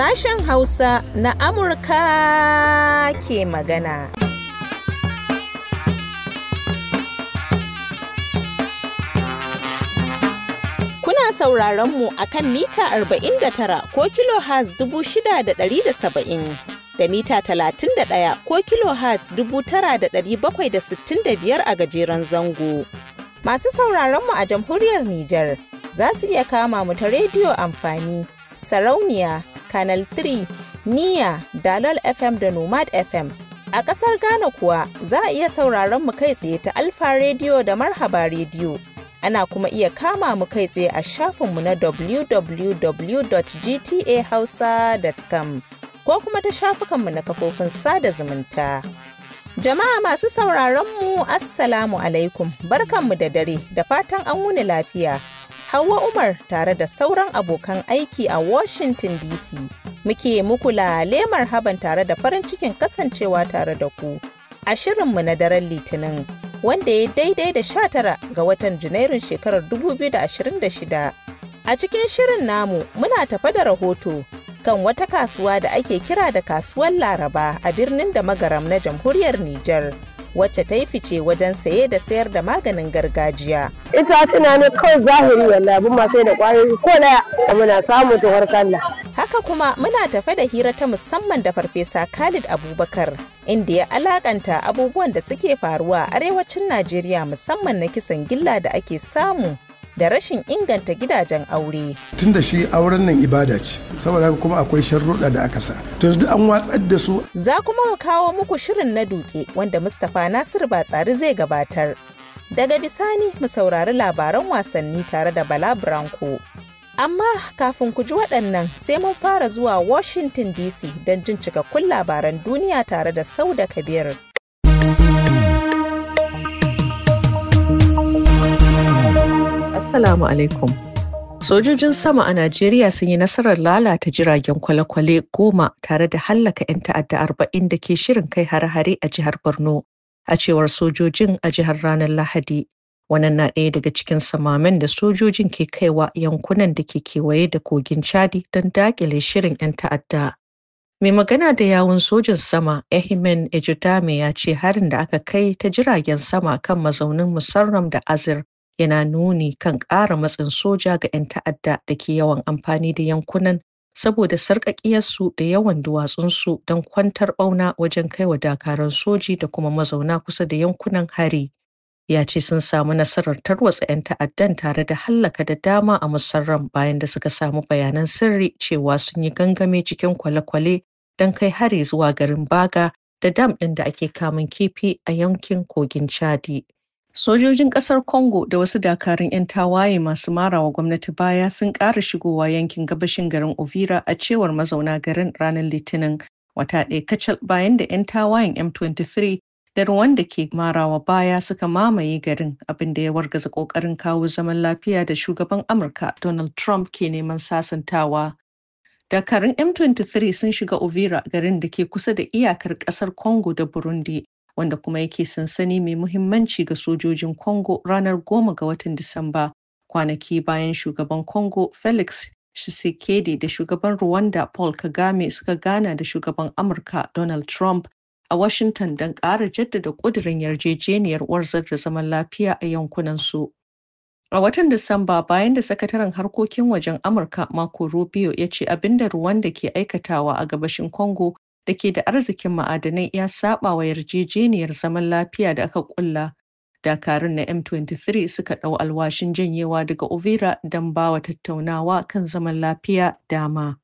Sashen Hausa na Amurka ke magana. Kuna sauraron mu a kan mita 49 ko kilohertz 6,170. da mita 31 ko kilohertz 9,765 a gajeren zango. Masu sauraronmu a jamhuriyar Nijar za su iya kama mu ta rediyo amfani, sarauniya, Canal 3, Niya, Dalol FM da Nomad FM. A ƙasar Ghana kuwa za a iya sauraron mu kai tsaye ta Alfa Radio da Marhaba Radio. Ana kuma iya kama mu kai tsaye a shafinmu na www.gtahausa.com ko kuma ta shafukanmu na kafofin sada zumunta. Jama'a masu sauraronmu Assalamu alaikum, barkanmu da dare da fatan an wuni lafiya. Hauwa Umar tare da sauran abokan aiki a Washington DC. Muke muku lemar haban tare da farin cikin kasancewa tare da ku a shirinmu na daren Litinin wanda ya daidai da sha tara ga watan Junairun shekarar 2026. A cikin shirin namu muna tafa da rahoto kan wata kasuwa da ake kira da kasuwar Laraba a birnin da magaram na jamhuriyar Nijar. wacce ta yi fice wajen saye da sayar da maganin gargajiya. Ita tunanin kawai zahiri wanda abin ma sai da kwayoyi ko daya da muna samun tuhar kalla. Haka kuma muna tafe da hira ta musamman da farfesa Khalid Abubakar inda ya alakanta abubuwan da suke faruwa arewacin Najeriya musamman na kisan gilla da ake samu da rashin inganta gidajen aure. Tun da shi auren nan ibada ce, saboda kuma akwai sharruɗa da aka sa. To yanzu an watsar da su. Za kuma mu kawo muku shirin na duke wanda Mustapha Nasiru tsari zai gabatar. Daga bisani mu saurari labaran wasanni tare da Bala Branko. Amma kafin ku ji waɗannan sai mun fara zuwa Washington DC don jin cikakkun labaran duniya tare da Sauda Kabir. Assalamu alaikum. Sojojin sama a Najeriya sun yi nasarar lalata jiragen kwale-kwale goma tare da hallaka 'yan ta'adda arba'in da ke shirin kai hare-hare a jihar Borno, a cewar sojojin a jihar ranar Lahadi. Wannan na ɗaya daga cikin samamen da sojojin ke kaiwa yankunan da ke kewaye da kogin Chadi don daƙile shirin 'yan ta'adda. Mai magana da yawun sojin sama Ehimen Ejidame ya ce harin da aka kai ta jiragen sama kan mazaunin Musarram da Azir yana nuni kan ƙara matsin soja ga 'yan ta'adda da ke yawan amfani da yankunan saboda sarƙaƙiyarsu da yawan duwatsunsu don kwantar ɓauna wajen kaiwa dakaran soji da kuma mazauna kusa da yankunan hari. Ya ce sun samu nasarar tarwatsa 'yan ta'addan tare da hallaka da dama a musarran bayan da suka samu bayanan sirri cewa sun yi gangame cikin kwale-kwale don kai hari zuwa garin Baga da dam ɗin da ake kamun kifi a yankin kogin Chadi. Sojojin ƙasar Congo da wasu dakarun 'yan tawaye masu marawa gwamnati baya sun ƙara shigowa yankin gabashin garin Ovira a cewar mazauna garin ranar Litinin wata ɗaya kacal bayan da 'yan tawayen M23 da Rwanda ke marawa baya suka mamaye garin abin da ya wargaza ƙoƙarin kawo zaman lafiya da shugaban Amurka Donald Trump ke neman sasantawa. Dakarun M23 sun shiga Ovira garin da ke kusa da iyakar ƙasar Congo da Burundi wanda kuma yake sansani mai muhimmanci ga sojojin Congo ranar goma ga watan Disamba kwanaki bayan shugaban Congo Felix Tshisekedi da shugaban Rwanda Paul Kagame suka gana da shugaban Amurka Donald Trump a Washington don ƙara jaddada ƙudurin yarjejeniyar warzar da zaman lafiya a yankunansu. A watan Disamba bayan da sakataren harkokin wajen Amurka Marco Rubio ya ce abin da Rwanda ke aikatawa a gabashin Congo da ke da arzikin ma'adanai ya saba wa yarjejeniyar zaman lafiya da aka kulla. Dakarun na M23 suka ɗau alwashin janyewa daga Ovira don bawa tattaunawa kan zaman lafiya dama.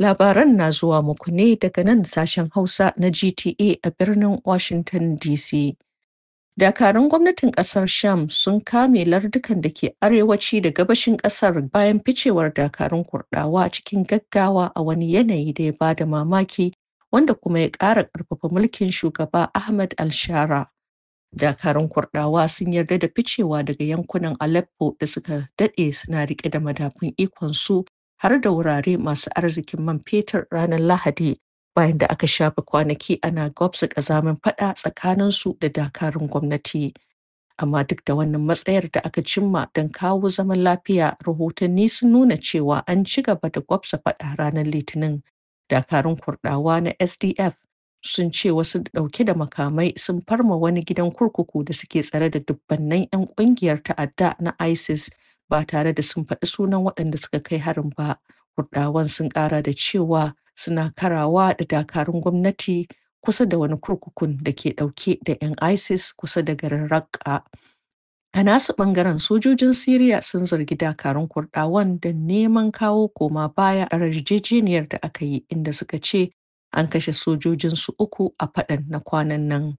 Labaran na zuwa muku ne daga nan sashen Hausa na GTA a birnin Washington DC. Dakarun gwamnatin ƙasar Sham sun kame lardukan da ke arewaci da gabashin ƙasar bayan ficewar dakarun kurɗawa cikin gaggawa a wani yanayi da ya ba da mamaki wanda kuma ya ƙara ƙarfafa mulkin shugaba Ahmad al-Shara. Dakarun Kurɗawa sun yarda da ficewa daga yankunan Aleppo da suka daɗe suna riƙe da madafun ikonsu har da wurare masu arzikin man fetur ranar Lahadi bayan da aka shafe kwanaki ana gwabza ƙazamin faɗa su da dakarun gwamnati. Amma duk da wannan matsayar da aka cimma don kawo zaman lafiya rahotanni sun nuna cewa an ci gaba da gwabsa faɗa ranar Litinin dakarun kurdawa na sdf sun ce wasu dauke da makamai sun farma wani gidan kurkuku da suke tsare da dubbannan 'yan kungiyar ta'adda na isis ba tare da sun faɗi sunan waɗanda suka kai harin ba kurdawan sun ƙara da cewa suna karawa da dakarun gwamnati kusa da wani kurkukun da ke ɗauke da 'yan isis kusa da garin raqqa A nasu ɓangaren, sojojin Siriya sun zargi dakarun Kurɗawan da neman kawo koma baya a yarjejeniyar da aka yi, inda suka ce an kashe sojojinsu uku a faɗan na kwanan nan.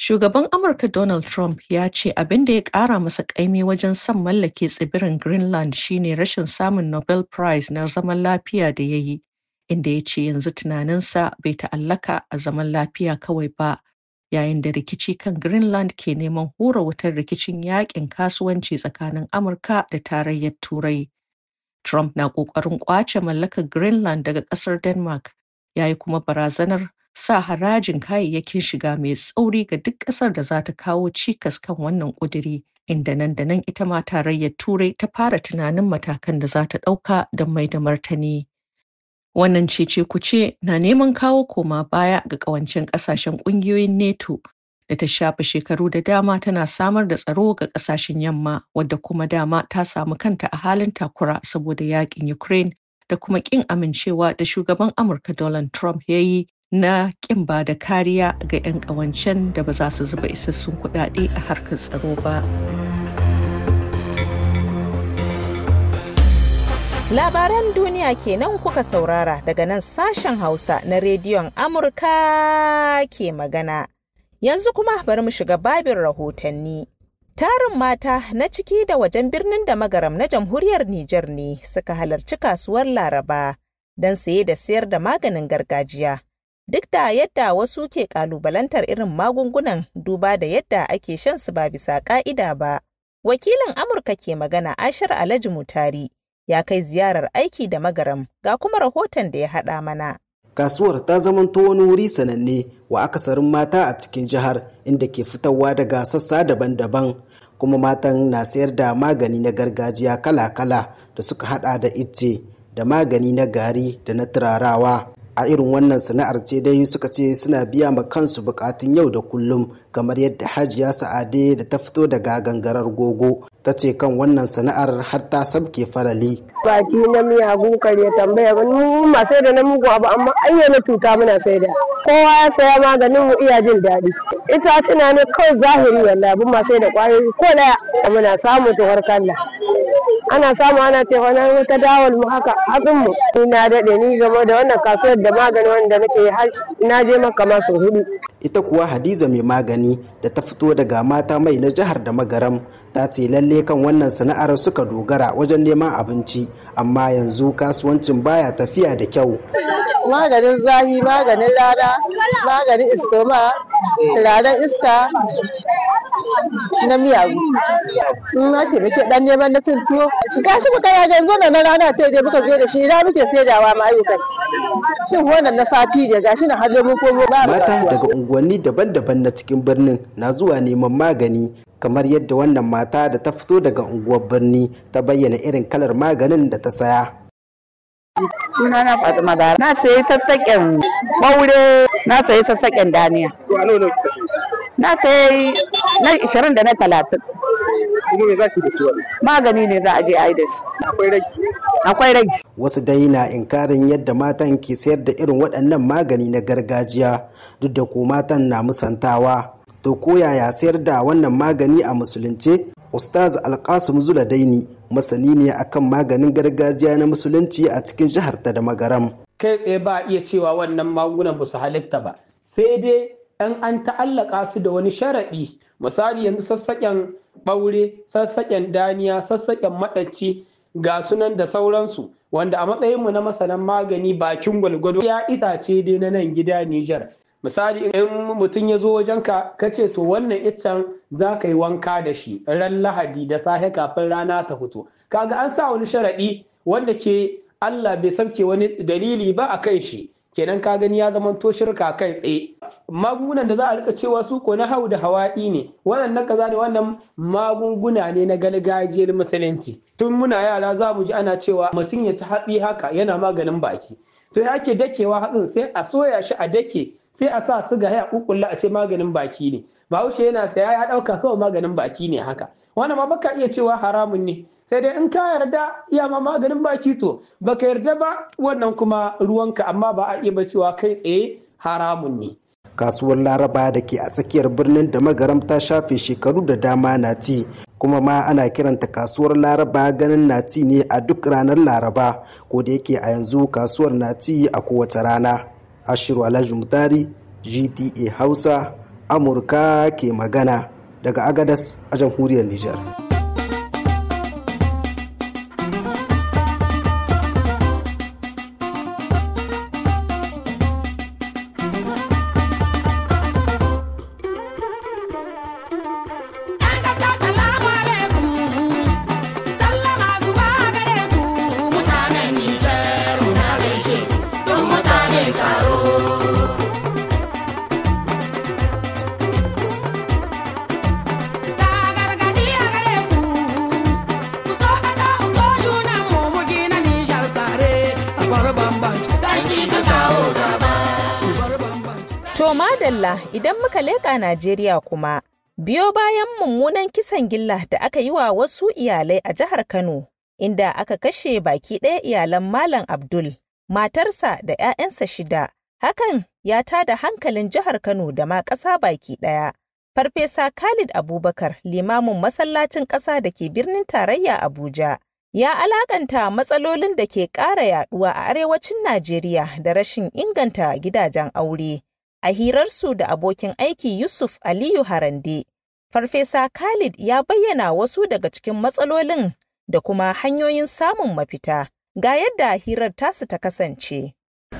Shugaban Amurka Donald Trump ya ce abin da ya ƙara masa ƙaimi wajen son mallake tsibirin Greenland shine rashin samun Nobel Prize na zaman lafiya da ya yi, inda ya ce yanzu tunaninsa bai ta'allaka a zaman lafiya kawai ba, yayin da rikici kan Greenland ke neman hura wutar rikicin yakin kasuwanci tsakanin Amurka da tarayyar Turai. Trump na ƙoƙarin ƙwace mallakar Greenland daga ƙasar Denmark, ya yi kuma barazanar sa harajin kayayyakin shiga mai tsauri ga duk ƙasar da za ta kawo cikas kan wannan ƙudiri, inda nan da nan ita ma tarayyar Turai ta fara tunanin matakan da za ta ɗauka don mai da martani. Wannan cece kuce na neman kawo koma baya ga ƙawancen ƙasashen ƙungiyoyin NATO da ta shafe shekaru da dama tana samar da tsaro ga ƙasashen yamma wadda kuma dama ta samu kanta a halin takura saboda yaƙin Ukraine da kuma ƙin amincewa da shugaban Amurka Donald Trump ya yi na ƙin ba da kariya ga 'yan ƙawancen da ba za su zuba isassun kuɗaɗe a harkar tsaro ba. Labaran duniya kenan kuka saurara daga nan sashen Hausa na rediyon Amurka ke magana. Yanzu kuma bari mu shiga babin rahotanni. Tarin mata na ciki da wajen birnin da magaram na jamhuriyar Nijar ne suka halarci kasuwar Laraba don saye da sayar da maganin gargajiya. Duk da yadda wasu ke kalubalantar irin magungunan duba da yadda ake shan su ba bisa ka'ida ba. Wakilin Amurka ke magana Ashar Alhaji Mutari ya kai ziyarar aiki da magaram ga kuma rahoton da ya haɗa mana. Kasuwar ta zamanto wani wuri sananne wa akasarin mata a cikin jihar inda ke fitowa daga sassa daban-daban kuma matan na sayar da magani na gargajiya kala-kala da suka hada da icce da magani na gari da na turarawa. a irin wannan sana'ar ce dai suka ce suna biya ma kansu bukatun yau da kullum kamar yadda hajiya sa'ade da ta fito daga gangarar gogo ta ce kan wannan sana'ar har ta sabke farali baki na miyagu kare tambaya ba ni ma sai da na mugu abu amma ayyana tuta muna sai da kowa ya saya maganin mu iya jin daɗi ita tuna ne kawai zahiri wallahi abun ma sai da kwayoyi ko daya muna samu tuhar kalla ana samu ana ce wani wata dawal mu haka hatsin mu ni na daɗe ni game da wannan kasuwar da magani wanda nake har na je maka masu hudu ita kuwa hadiza mai magani fulani da ta fito daga mata mai na jihar da magaram ta ce lalle kan wannan sana'ar suka dogara wajen neman abinci amma yanzu kasuwancin baya tafiya da kyau maganin zafi maganin lada, maganin iskoma, ladan iska na miyagu Na ke muke dan neman na tuntuwa. ga shi muka ya ga zuwa na rana ta je muka zo da shi ina muke saidawa ma ayyukan kin wannan na sati da gashi na hajo mun komo ba mata daga unguwanni daban-daban na cikin birnin birnin na zuwa neman magani kamar yadda wannan mata da ta fito daga unguwar birni ta bayyana irin kalar maganin da ta saya. Suna na Na sayi sassaƙen ɓaure, na sayi sassaƙen daniya. Na sayi na ishirin da na talatin. Magani ne za a je a yi da Akwai rage. Akwai Wasu dai na inkarin yadda matan ke sayar da irin waɗannan magani na gargajiya duk da ko matan na musantawa. to ko yaya sayar da wannan magani a musulunce ustaz alkasim zuladaini masani ne akan maganin gargajiya na musulunci a cikin jihar ta da magaram kai tsaye ba iya cewa wannan magunan ba su halitta ba sai dai an an ta'allaka su da wani sharaɗi misali yanzu sassaƙen ɓaure sassaƙen daniya sassaƙen maɗaci ga sunan da sauransu wanda a matsayin mu na masanan magani bakin gwalgwado ya itace dai na nan gida Nijar misali in mutum ya zo wajenka ka ce to wannan iccen za ka yi wanka da shi ran lahadi da safe kafin rana ta fito kaga an sa wani sharaɗi wanda ke Allah bai sauke wani dalili ba a kan shi kenan ka gani ya zama to shirka kai tsaye magungunan da za a rika cewa su ko na hau da hawa'i ne na kaza ne wannan magunguna ne na gargajiyar musulunci tun muna yara za mu ji ana cewa mutum ya ci haɗi haka yana maganin baki to ya ake dakewa hatsin sai a soya shi a dake sai a sa suga ya kukulla a ce maganin baki ne ba bahaushe yana saya ya dauka kawai maganin baki ne haka wannan ma baka iya cewa haramun ne sai dai in ka yarda iya ma maganin baki to baka yarda ba wannan kuma ruwanka amma ba a iya ba cewa kai tsaye haramun ne kasuwar laraba da ke a tsakiyar birnin da magaram ta shafe shekaru da dama na ci kuma ma ana kiranta kasuwar laraba ganin na ci ne a duk ranar laraba ko da yake a yanzu kasuwar na ci a kowace rana ashiru alhaji mutari gta hausa amurka ke magana daga agadas a jamhuriyar nijar madalla idan muka leƙa Najeriya kuma, biyo bayan mummunan kisan gilla da aka yi wa wasu iyalai a jihar Kano, inda aka kashe baki ɗaya iyalan Malam Abdul, matarsa da 'ya'yansa shida. Hakan ya tada hankalin jihar Kano da ma ƙasa baki ɗaya. Farfesa Khalid Abubakar, limamin masallacin ƙasa da ke birnin tarayya Abuja, ya alakanta matsalolin da ke ƙara yaɗuwa a arewacin Najeriya da rashin inganta gidajen aure. A hirarsu da abokin aiki Yusuf Aliyu Harande, Farfesa Khalid ya bayyana wasu daga cikin matsalolin da kuma hanyoyin samun mafita. Ga yadda hirar tasu ta kasance.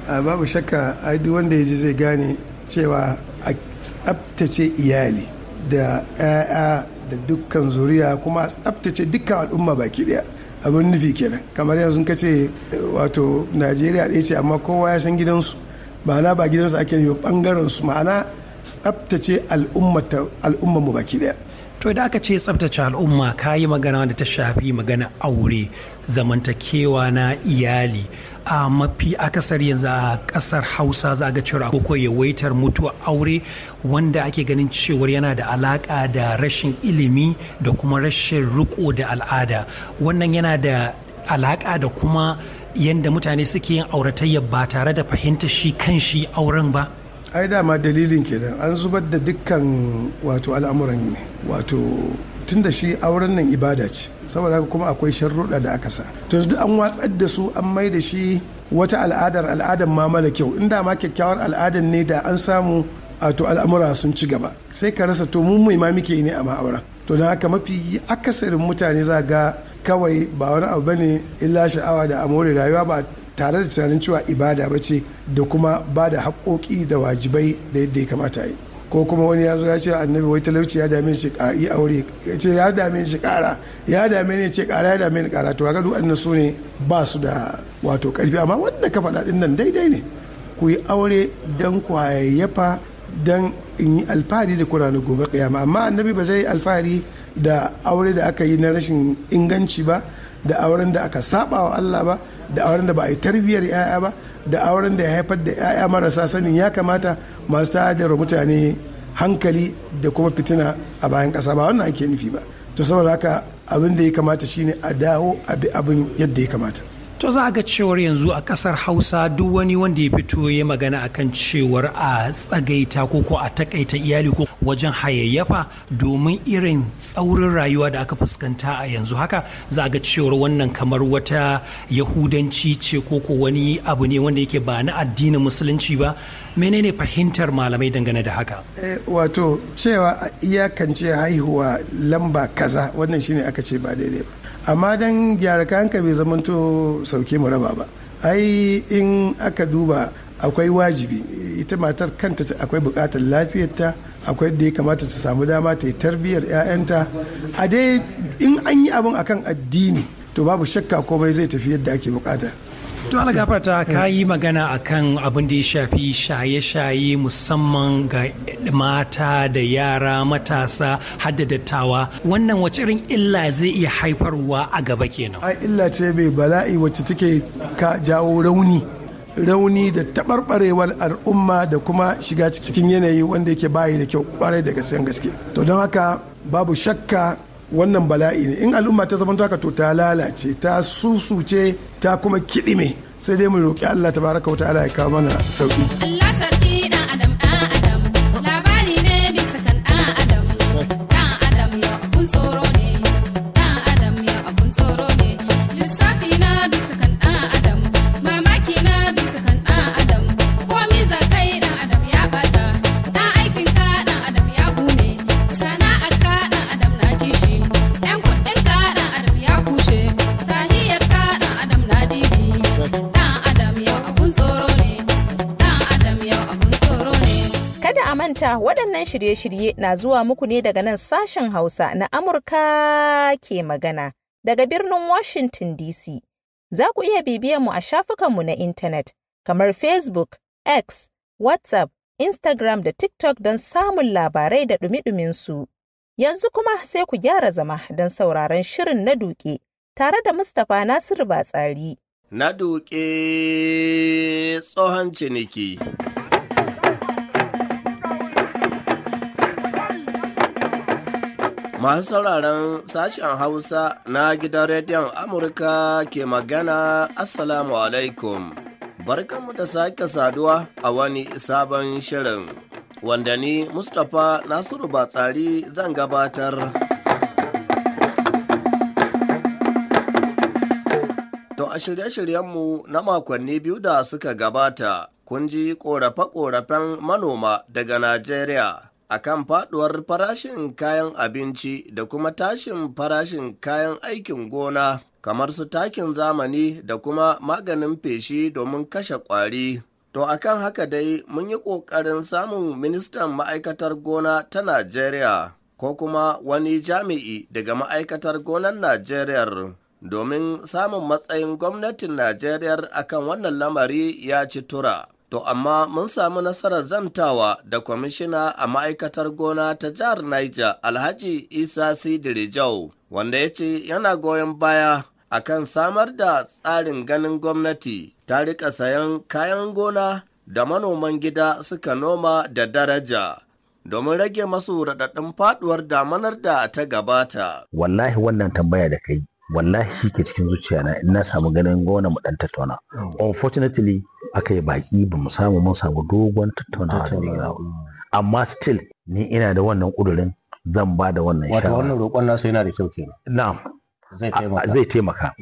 Babu shakka, ai wanda ya ji zai gane cewa a tsabtace iyali da 'ya'ya da dukkan zuriya kuma a tsabtace dukkan al'umma baki daya abin nufi kenan kamar yanzu ka ce wato najeriya ɗaya ce amma kowa ya san gidansu ma'ana ba su ake yi bangaren su ma'ana tsabtace al'umma mu baki daya to da aka ce tsabtace al'umma ka yi magana da ta shafi magana aure zamantakewa na iyali a mafi akasari yanzu a kasar hausa za ga cewa ko yawaitar mutuwa aure wanda ake ganin cewar yana da alaka da rashin ilimi da kuma rashin riko da al'ada wannan yana da alaka da kuma yadda mutane suke yin auratayya ba tare da fahimta shi kan shi auren ba ai dama dalilin kenan an zubar da dukkan wato al'amuran ne wato tun da shi auren nan ibada ce saboda haka kuma akwai sharruɗa da aka sa to duk an watsar da su an mai da shi wata al'adar al'adar ma mala kyau in dama kyakkyawar al'adar ne da an samu wato al'amura sun ci gaba sai ka rasa to mun mai ma muke ne a ma'aura to don haka mafi akasarin mutane za ga kawai ba wani abu bane illa sha'awa da amore rayuwa ba tare da tunanin cewa ibada ba ce da kuma ba da haƙoƙi da wajibai da yadda ya kamata yi ko kuma wani ya zo ya ce annabi wai talauci ya dame shi yi aure ya ce ya dame shi ƙara ya dame ne ce ƙara ya dame ni ƙara to ga duk su ne ba su da wato ƙarfi amma wanda ka faɗa ɗin nan daidai ne ku yi aure don ku hayayyafa don in yi alfahari da kuna gobe kiyama amma annabi ba zai yi alfahari da aure da aka yi na rashin inganci ba da auren da aka saba wa Allah ba da auren da ba a yi tarbiyyar 'ya'ya ba da auren da ya haifar da 'ya'ya marasa sanin ya kamata masu da mutane hankali da kuma fitina a bayan ƙasa ba wannan ake nufi ba to saboda haka abin da ya kamata shine a dawo abin yadda ya kamata to za a ga cewar yanzu a kasar hausa duk wani wanda ya fito ya magana a kan cewar a tsagaita ko ko a takaita iyali ko wajen hayayyafa domin irin tsaurin rayuwa da aka fuskanta a yanzu haka za a ga cewar wannan kamar wata yahudanci ce ko ko wani abu ne wanda yake ba na addinin musulunci ba menene fahimtar malamai dangane da haka eh, wato cewa iyakance haihuwa lamba kaza wannan shine aka ce ba daidai ba amma don gyara kayanka bai zamanto sauke mu raba ba ai in aka duba akwai wajibi ita matar kanta akwai bukatar lafiyarta akwai da ya kamata ta samu dama ta yi tarbiyyar 'ya'yanta a dai in an yi abin akan addini to babu shakka komai zai tafi yadda ake bukata to ala gafarta ka yi magana akan abin da ya shafi shaye-shaye musamman ga mata da yara matasa hadda dattawa wannan wace irin illa zai iya haifarwa a gaba kenan ai illa ce bai bala'i wacce take ka jawo rauni rauni da taɓarɓarewar al'umma da kuma shiga cikin yanayi wanda yake bayi da kyau kwarai da gaske gaske to don haka babu shakka wannan bala'i ne in al'umma ta zama haka to ta lalace ta susuce ta kuma kiɗime sai dai mu roƙi Allah tabaraka wa ta'ala ya kawo mana sauƙi. Allah sarki dan waɗannan shirye-shirye na zuwa muku ne daga nan sashen Hausa na Amurka ke magana daga birnin Washington DC. Za ku iya bibiyan mu a shafukanmu na intanet kamar Facebook, X, WhatsApp, Instagram da TikTok don samun labarai da ɗumi su Yanzu kuma sai ku gyara zama don sauraron shirin na duke tare da Mustapha Nasiru Batsari. Na duke tsohon ciniki. masu sauraron sashen hausa na gidan rediyon amurka ke magana assalamu alaikum barkanmu da sake saduwa a wani sabon shirin wanda ni mustapha nasiru batsari zan gabatar to a shirye-shiryenmu na makonni biyu da suka gabata kun ji korafe-korafen manoma daga najeriya akan faduwar farashin kayan abinci da kuma tashin farashin kayan aikin gona kamar su takin zamani da kuma maganin feshi domin kashe kwari. To akan haka dai mun yi ƙoƙarin samun ministan ma'aikatar gona ta Najeriya ko kuma wani jami'i daga ma'aikatar gonar Najeriya domin samun matsayin gwamnatin Najeriya akan wannan lamari ya ci tura. To amma mun samu nasarar zantawa da kwamishina a ma'aikatar gona ta jihar Niger Alhaji Isa Sidiri Jau, wanda ya ce yana goyon baya a kan samar da tsarin ganin gwamnati ta rika sayan kayan gona da manoman gida suka noma da daraja. domin rage masu raɗaɗin faɗuwar damanar da ta gabata. Wallahi wannan tambaya da kai wallahi shi ke cikin zuciya na ina samu ganin gona mu dan tattauna unfortunately aka yi baki ba mu samu mun samu dogon tattaunawa mm. amma still ni ina da wannan kudurin zan ba da wannan shawara wato wannan roƙon nasa yana da kyau ke. na'am zai taimaka zai taimaka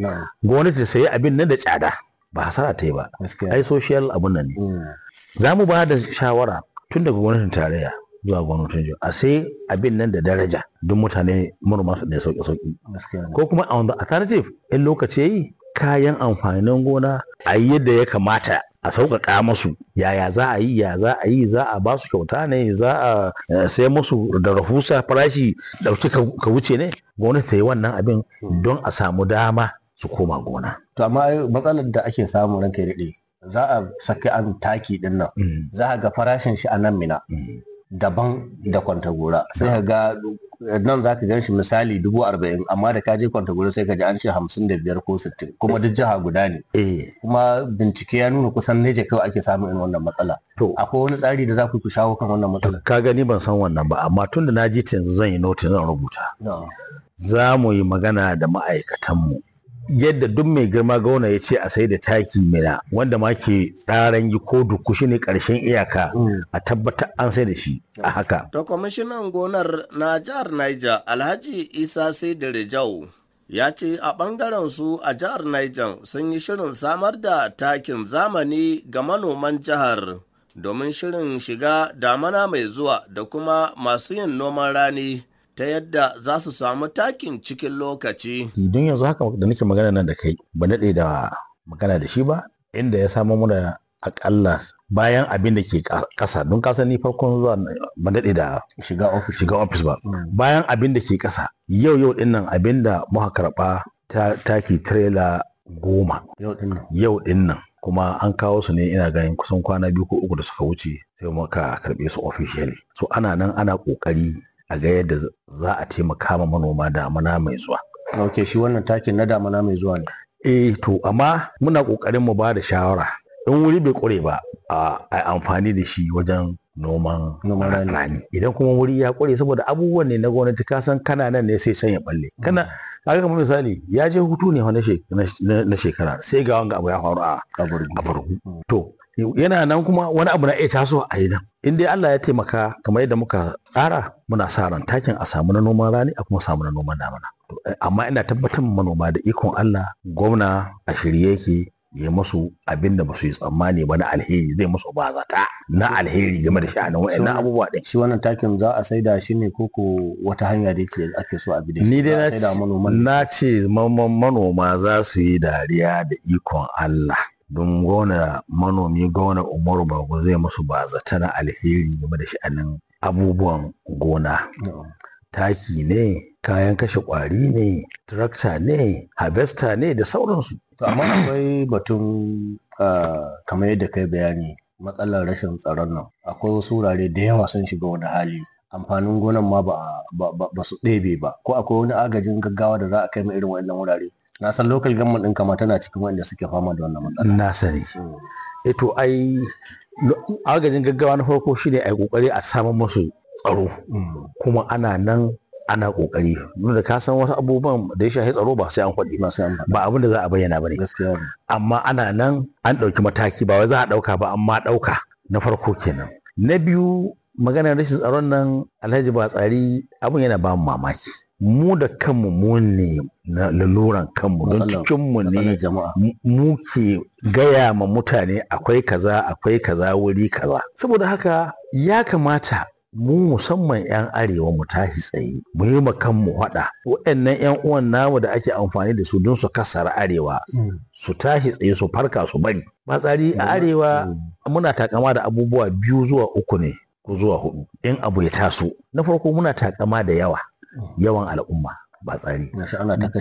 gwamnati ta sayi abin nan da tsada ba hasara ta yi ba ai social abun nan ne mm. za mu ba da shawara tun daga gwamnatin tarayya zuwa gwamnatin jiha a sai abin nan da daraja duk mutane murmur su da sauki sauki ko kuma a wanda alternative in lokaci yayi kayan amfanin gona a yi yadda ya kamata a sauƙaƙa masu yaya za a yi ya za a yi za a ba su kyauta ne za a eh, sai musu da rahusa farashi ɗauki ka wuce ne gwamnati ta yi wannan abin hmm. don a samu dama su koma gona. To amma matsalar da ake samu ranka daɗe za a saki an taki ɗin nan hmm. za a ga farashin shi a nan mina hmm. daban da kwantagora sai ka ga nan za ka ganshi misali dubu arba'in amma da ka je kwantagora sai ka ji an ce hamsin da biyar ko sittin kuma duk jiha guda ne eh. kuma bincike ya nuna kusan neje kawai ake samun in wannan matsala to akwai wani tsari da za ku shawo kan wannan matsala ka gani ban san wannan ba amma tun da na ji yanzu zan yi notin zan rubuta za mu yi magana da ma'aikatanmu yadda duk mai girma gauna ya ce a sai da taki mina wanda ma ke tsaran yi ko dukushi ne karshen iyaka a tabbatar an sai da shi a haka. To kwamishinan gonar na jihar Niger Alhaji Isa sai da Rijau ya ce a ɓangaren su a jihar Niger sun yi shirin samar da takin zamani ga manoman jihar domin shirin shiga damana mai zuwa da kuma masu yin noman rani. ta yadda za su samu takin cikin lokaci. Idan yanzu haka da nake magana nan da kai ba daɗe da magana da shi ba inda ya samu muna akalla bayan abin da ke ƙasa don kasa ni farkon zuwa ba daɗe da shiga ofis shiga ofis ba mm. bayan abin da ke ƙasa yau yau dinnan abin da muka karɓa ta taki trailer goma yau ɗinnan, nan kuma an kawo su ne ina ganin kusan kwana biyu ko uku da suka wuce sai muka karɓe su officially so ana nan ana ƙoƙari a ga yadda za a taimaka ma manoma damana mai zuwa. Ok shi wannan takin na damana mai zuwa ne. Eh to amma muna ƙoƙarin mu ba da shawara in wuri bai ƙure ba a amfani da shi wajen noman rani idan kuma wuri ya kware saboda abubuwan ne na gwamnati ka san kana nan ne sai sanya balle kana aka mm. kamar misali ya je hutu ne na shekara sai ga wanga abu ya faru a abargu mm. to yana nan kuma wani abu na iya taso a yi nan in dai Allah ya taimaka kamar yadda muka tsara muna sa ran takin a samu na noman rani a kuma samu na noman damana eh, amma ina tabbatar manoma da ikon Allah gwamna a shirye yake ya musu abin da ba su yi tsammani ba na alheri zai musu masu ta. na alheri game da sha'anin wa'in abubuwa ɗin. Shi wannan takin za a saida shi ne ko ko wata hanya da yake ake so a bi da shi. Ni dai na ce manoma za su yi dariya da ikon Allah. Don gona manomi gona Umaru Bago zai masu bazata na alheri game da sha'anin abubuwan gona. Taki ne, kayan kashe kwari ne, tractor ne, harvester ne da sauransu. amma akwai batun ah, kamar yadda kai bayani matsalar rashin tsaron nan akwai wasu wurare da yawa sun shiga wani hali amfanin gonan ma ba su ɗebe ba ko akwai wani agajin gaggawa da za a kai ma irin wannan wurare na san local government ɗin kamar tana cikin wanda suke fama da wannan matsala na sani hmm. eto eh, ai agajin gaggawa na farko shine ai kokari a samu musu tsaro hmm. kuma ana nan ana kokari duk da ka san wasu abubuwan da ya shafi tsaro ba sai an kwaɗi ba abin da za a bayyana ba ne amma ana nan an ɗauki mataki ba wai za a ɗauka ba amma ɗauka na farko kenan na biyu magana rashin tsaron nan alhaji ba tsari abin yana ba mu mamaki mu da kanmu mu ne na laluran kanmu don mu ne mu ke gaya ma mutane akwai kaza akwai kaza wuri kaza saboda haka ya kamata mu musamman 'yan arewa mu tashi tsaye mu yi kanmu haɗa waɗannan 'yan uwan namu da ake amfani da su don su kasar arewa hmm. su tashi tsaye su farka su bari matsari a hmm. arewa hmm. muna takama da abubuwa biyu zuwa uku ne ko zuwa hudu in abu ya taso na farko muna takama da yawa yawan al'umma ba tsari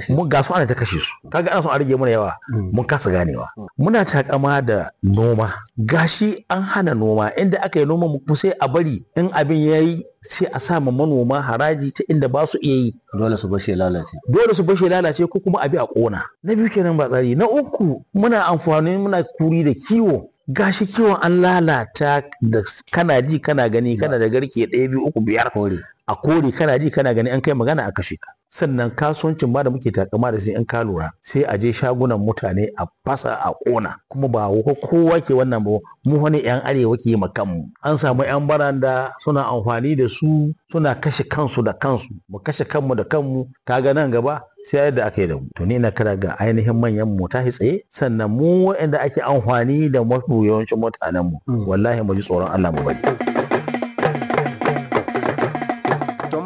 mun ga su ana ta kashe su kaga ana son a rage mana yawa mm. mun kasa ganewa mm. muna takama da noma gashi an hana noma inda aka yi noma mu sai a bari in abin ya yi sai a sa ma manoma haraji ta inda ba su iya yi dole su bashe lalace dole su bashe lalace ko kuma abi a kona na biyu kenan ba tsari na uku muna amfani muna kuri da kiwo gashi kiwon an lalata da kana ji kana gani kana da garke ɗaya biyu uku biyar a kore kana ji kana gani an kai magana a kashe ka sannan kasuwancin ba da muke takama da sai in ka lura sai a je shagunan mutane a fasa a kona kuma ba kowa ke wannan ba mu wani yan arewa ke ma kanmu an samu yan baranda suna amfani da su suna kashe kansu da kansu mu kashe kanmu da kanmu ga nan gaba sai yadda aka yi da mu to ni na kira ga ainihin manyan mu tashi tsaye sannan mu waɗanda ake amfani da mafi yawancin mutanen mu mm. wallahi mu ji tsoron Allah mu bari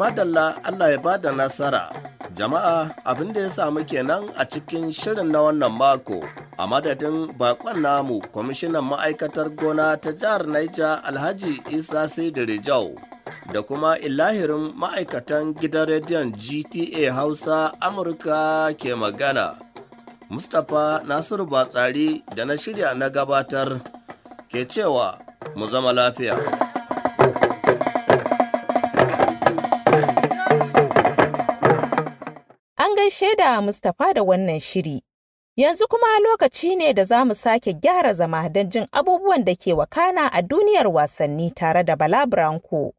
madalla Allah ya bada nasara. Jama'a abin da ya samu kenan a cikin shirin na wannan mako. A madadin bakon namu, kwamishinan ma'aikatar gona ta jihar Naija Alhaji Isa Sidiri Jau da kuma ilahirin ma'aikatan gidan rediyon GTA Hausa Amurka ke magana. Mustapha Nasiru Batsari da na shirya na gabatar ke cewa mu zama lafiya. shaida shaida Mustapha da wannan shiri. Yanzu kuma lokaci ne da za mu sake gyara zama don jin abubuwan da ke wakana a duniyar wasanni tare da Bala Branko.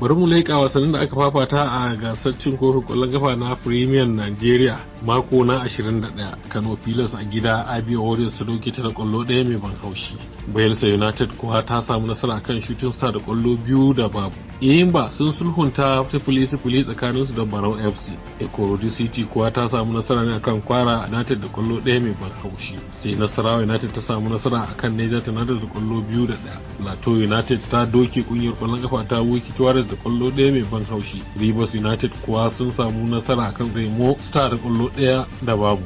Bari mu leƙa wasannin da aka fafata a gasar cin kofin ƙwallon kafa na Premier Nigeria. mako na 21 kano pilas a gida abi warriors ta dauke ta da kwallo daya mai ban haushi bayelsa united kuwa ta samu nasara akan shooting star da kwallo biyu da babu ba sun sulhunta ta police tsakanin su da barau fc ekorodi city kuwa ta samu nasara ne akan kwara united da kwallo daya mai ban haushi sai nasarawa united ta samu nasara akan niger ta da kwallo biyu da daya. Lato united ta doke kungiyar kwallon kafa ta wuki tuwares da kwallo daya mai ban haushi rivers united kuwa sun samu nasara akan remo star da kwallo ɗaya da babu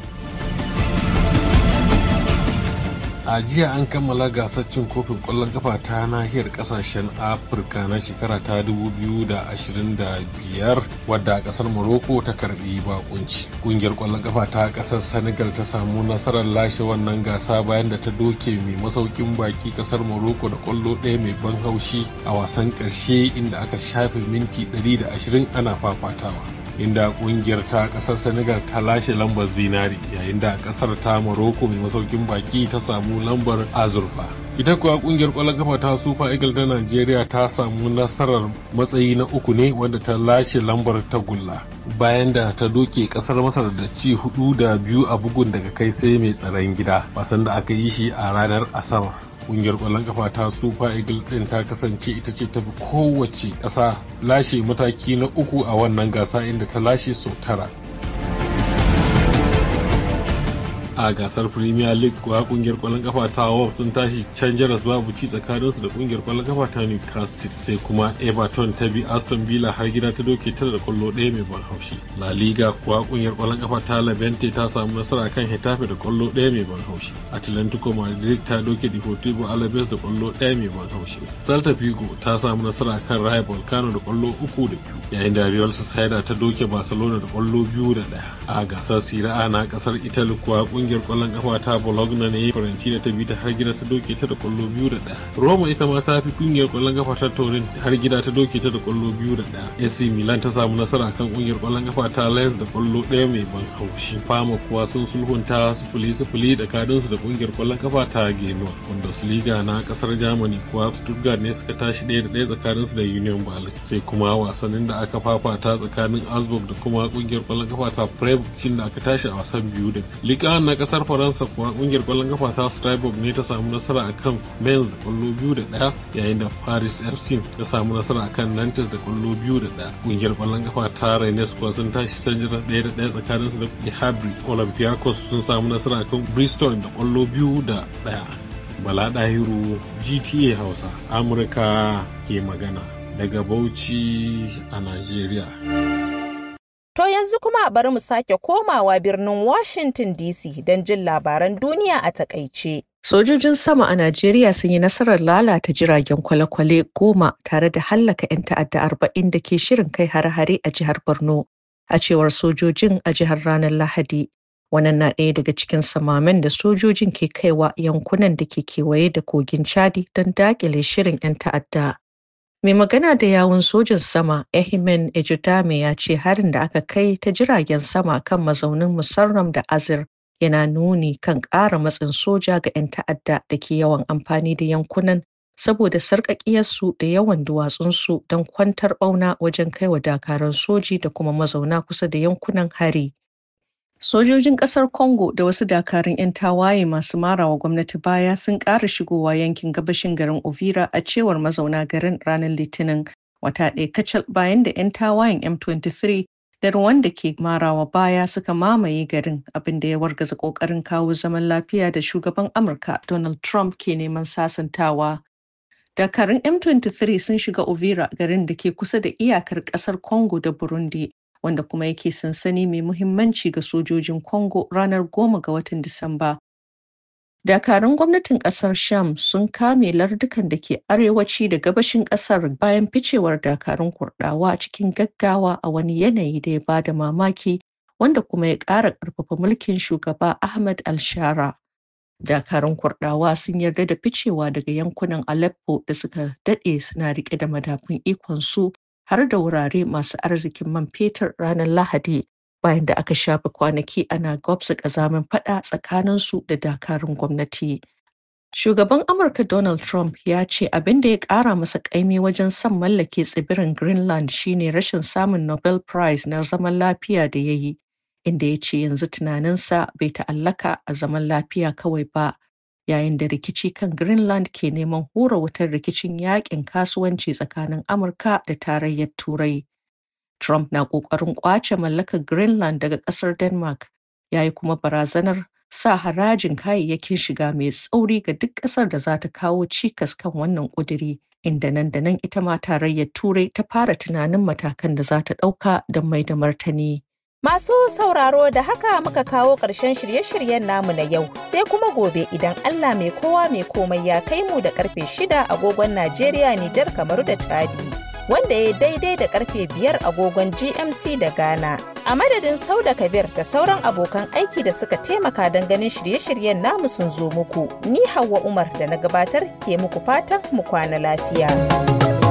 a jiya an kammala gasar cin kofin ƙwallon kafa ta nahiyar ƙasashen afirka na shekara ta 2025 wadda a ƙasar morocco ta karɓi bakunci ƙungiyar ƙwallon kafa ta ƙasar senegal ta samu nasarar lashe wannan gasa bayan da ta doke mai masaukin baki ƙasar morocco da ƙwallo ɗaya mai ban haushi a wasan ƙarshe inda aka shafe minti 120 ana fafatawa inda kungiyar ta kasar senegal ta lashe lambar zinari yayin da kasar ta Maroko mai masaukin baki ta samu lambar azurfa ita kuwa kungiyar kwallon kafa ta super eagle ta nigeria ta samu nasarar matsayi na uku ne wanda ta lashe lambar tagulla bayan da ta doke kasar masar da ci hudu da biyu a bugun daga kai sai mai tsaron gida wasan da aka yi shi a ranar asabar kungiyar kwallon kafa ta super eagle din ta kasance ita ce tafi kowace ƙasa lashe mataki na uku a wannan gasa inda ta lashe sau tara a gasar premier league kuwa kungiyar kwallon kafa ta wolves sun tashi can jaras babu ci tsakanin su da kungiyar kwallon kafa ta newcastle sai kuma everton ta bi aston villa har gida ta doke tara da kwallo ɗaya mai ban haushi la liga kuwa kungiyar kwallon kafa ta levante ta samu nasara kan hetafe da kwallo ɗaya mai ban haushi atlantico madrid ta doke deportivo alaves da kwallo ɗaya mai ban haushi celta vigo ta samu nasara kan raya volcano da kwallo uku da biyu yayin da real sociedad ta doke barcelona da kwallo biyu da ɗaya a gasar siri'a na kasar italy kuwa kungiyar kwallon kafa ta Bologna ne Fiorentina ta bi ta har gida ta doke ta da kwallo biyu da ɗaya. Roma ita ma ta fi kungiyar kwallon kafa ta Turin har gida ta doke ta da kwallo biyu da ɗaya. AC Milan ta samu nasara kan kungiyar kwallon kafa ta Lens da kwallo ɗaya mai ban haushi. Fama kuwa sun sulhunta sifili sifili da kadinsu da kungiyar kwallon kafa ta Genoa. Bundesliga na kasar Germany kuwa Stuttgart ne suka tashi ɗaya da ɗaya tsakaninsu da Union Berlin. Sai kuma wasannin da aka fafata tsakanin Augsburg da kuma kungiyar kwallon kafa ta Freiburg da aka tashi a wasan biyu da. Liga na kasar faransa kuwa kungiyar kwallon kafa ta strasbourg ne ta samu nasara akan mainz da kwallo biyu da daya yayin da paris fc ta samu nasara akan nantes da kwallo biyu da daya kungiyar kwallon kafa ta rennes kuwa sun tashi canjin daya da daya tsakanin su da habri olympiacos sun samu nasara akan bristol da kwallo biyu da daya bala dahiru gta hausa amurka ke magana daga bauchi a nigeria yanzu kuma bari mu sake komawa birnin Washington DC don jin labaran duniya a takaice. Sojojin sama a Najeriya sun yi nasarar lalata jiragen kwale-kwale goma tare da hallaka 'yan ta'adda arba'in da ke shirin kai hare-hare a jihar Borno, a cewar sojojin a jihar ranar Lahadi. Wannan na ɗaya daga cikin samamin da sojojin ke kaiwa yankunan da ke kewaye da kogin Chadi don daƙile shirin 'yan ta'adda. Mai magana da yawun sojin sama Ehimen Ejutame ya ce harin da aka kai ta jiragen sama kan mazaunin Musarram da Azir yana nuni kan ƙara matsin soja ga 'yan ta'adda da ke yawan amfani da yankunan saboda sarƙaƙiyarsu da yawan duwatsunsu don kwantar ɓauna wajen kai wa dakaran soji da kuma mazauna kusa da yankunan hari. Sojojin ƙasar Congo da wasu dakarun 'yan tawaye masu marawa gwamnati baya sun ƙara shigowa yankin gabashin garin Ovira a cewar mazauna garin ranar Litinin wata ɗaya kacal bayan da 'yan tawayen M23 da Rwanda ke marawa baya suka mamaye garin abinda ya wargaza ƙoƙarin kawo zaman lafiya da shugaban Amurka Donald Trump ke neman sasantawa. Dakarun M23 sun shiga Ovira garin da ke kusa da iyakar ƙasar Congo da Burundi wanda kuma yake sansani mai muhimmanci ga sojojin Congo ranar goma ga watan Disamba. Dakarun gwamnatin ƙasar Sham sun kame lardukan da ke arewaci da gabashin ƙasar bayan ficewar dakarun kurɗawa cikin gaggawa a wani yanayi da ya ba da mamaki wanda kuma ya ƙara ƙarfafa mulkin shugaba Ahmed Al-Shara. Dakarun kurɗawa sun yarda da ficewa daga yankunan Aleppo da suka daɗe suna riƙe da madafun ikonsu har da wurare masu arzikin man fetur ranar Lahadi bayan da aka shafe kwanaki ana gwabsa ƙazamin faɗa tsakaninsu da dakarun gwamnati. Shugaban Amurka Donald Trump ya ce abin da ya ƙara masa ƙaimi wajen son mallake tsibirin Greenland shine rashin samun Nobel Prize na zaman lafiya da ya yi, inda ya ce yanzu tunaninsa bai ta'allaka a zaman lafiya kawai ba, yayin da rikici kan Greenland ke neman hura wutar rikicin yakin kasuwanci tsakanin Amurka da Tarayyar Turai. Trump na ƙoƙarin ƙwace mallakar Greenland daga ƙasar Denmark, ya yi kuma barazanar sa harajin kayayyakin shiga mai tsauri ga duk ƙasar da za ta kawo cikas kan wannan ƙudiri, inda nan da nan ita ma Tarayyar Turai ta fara tunanin matakan da za ta ɗauka don mai da martani. Masu sauraro da haka muka kawo ƙarshen shirye-shiryen namu na yau sai kuma gobe idan Allah mai kowa mai komai ya kai mu da karfe shida agogon Najeriya Nijar Kamaru da Chadi wanda ya daidai da karfe biyar agogon GMT da Ghana. A madadin sau da Kabir da sauran abokan aiki da suka taimaka don ganin shirye-shiryen namu sun zo muku, ni Hauwa Umar da na gabatar ke muku fatan mu kwana lafiya.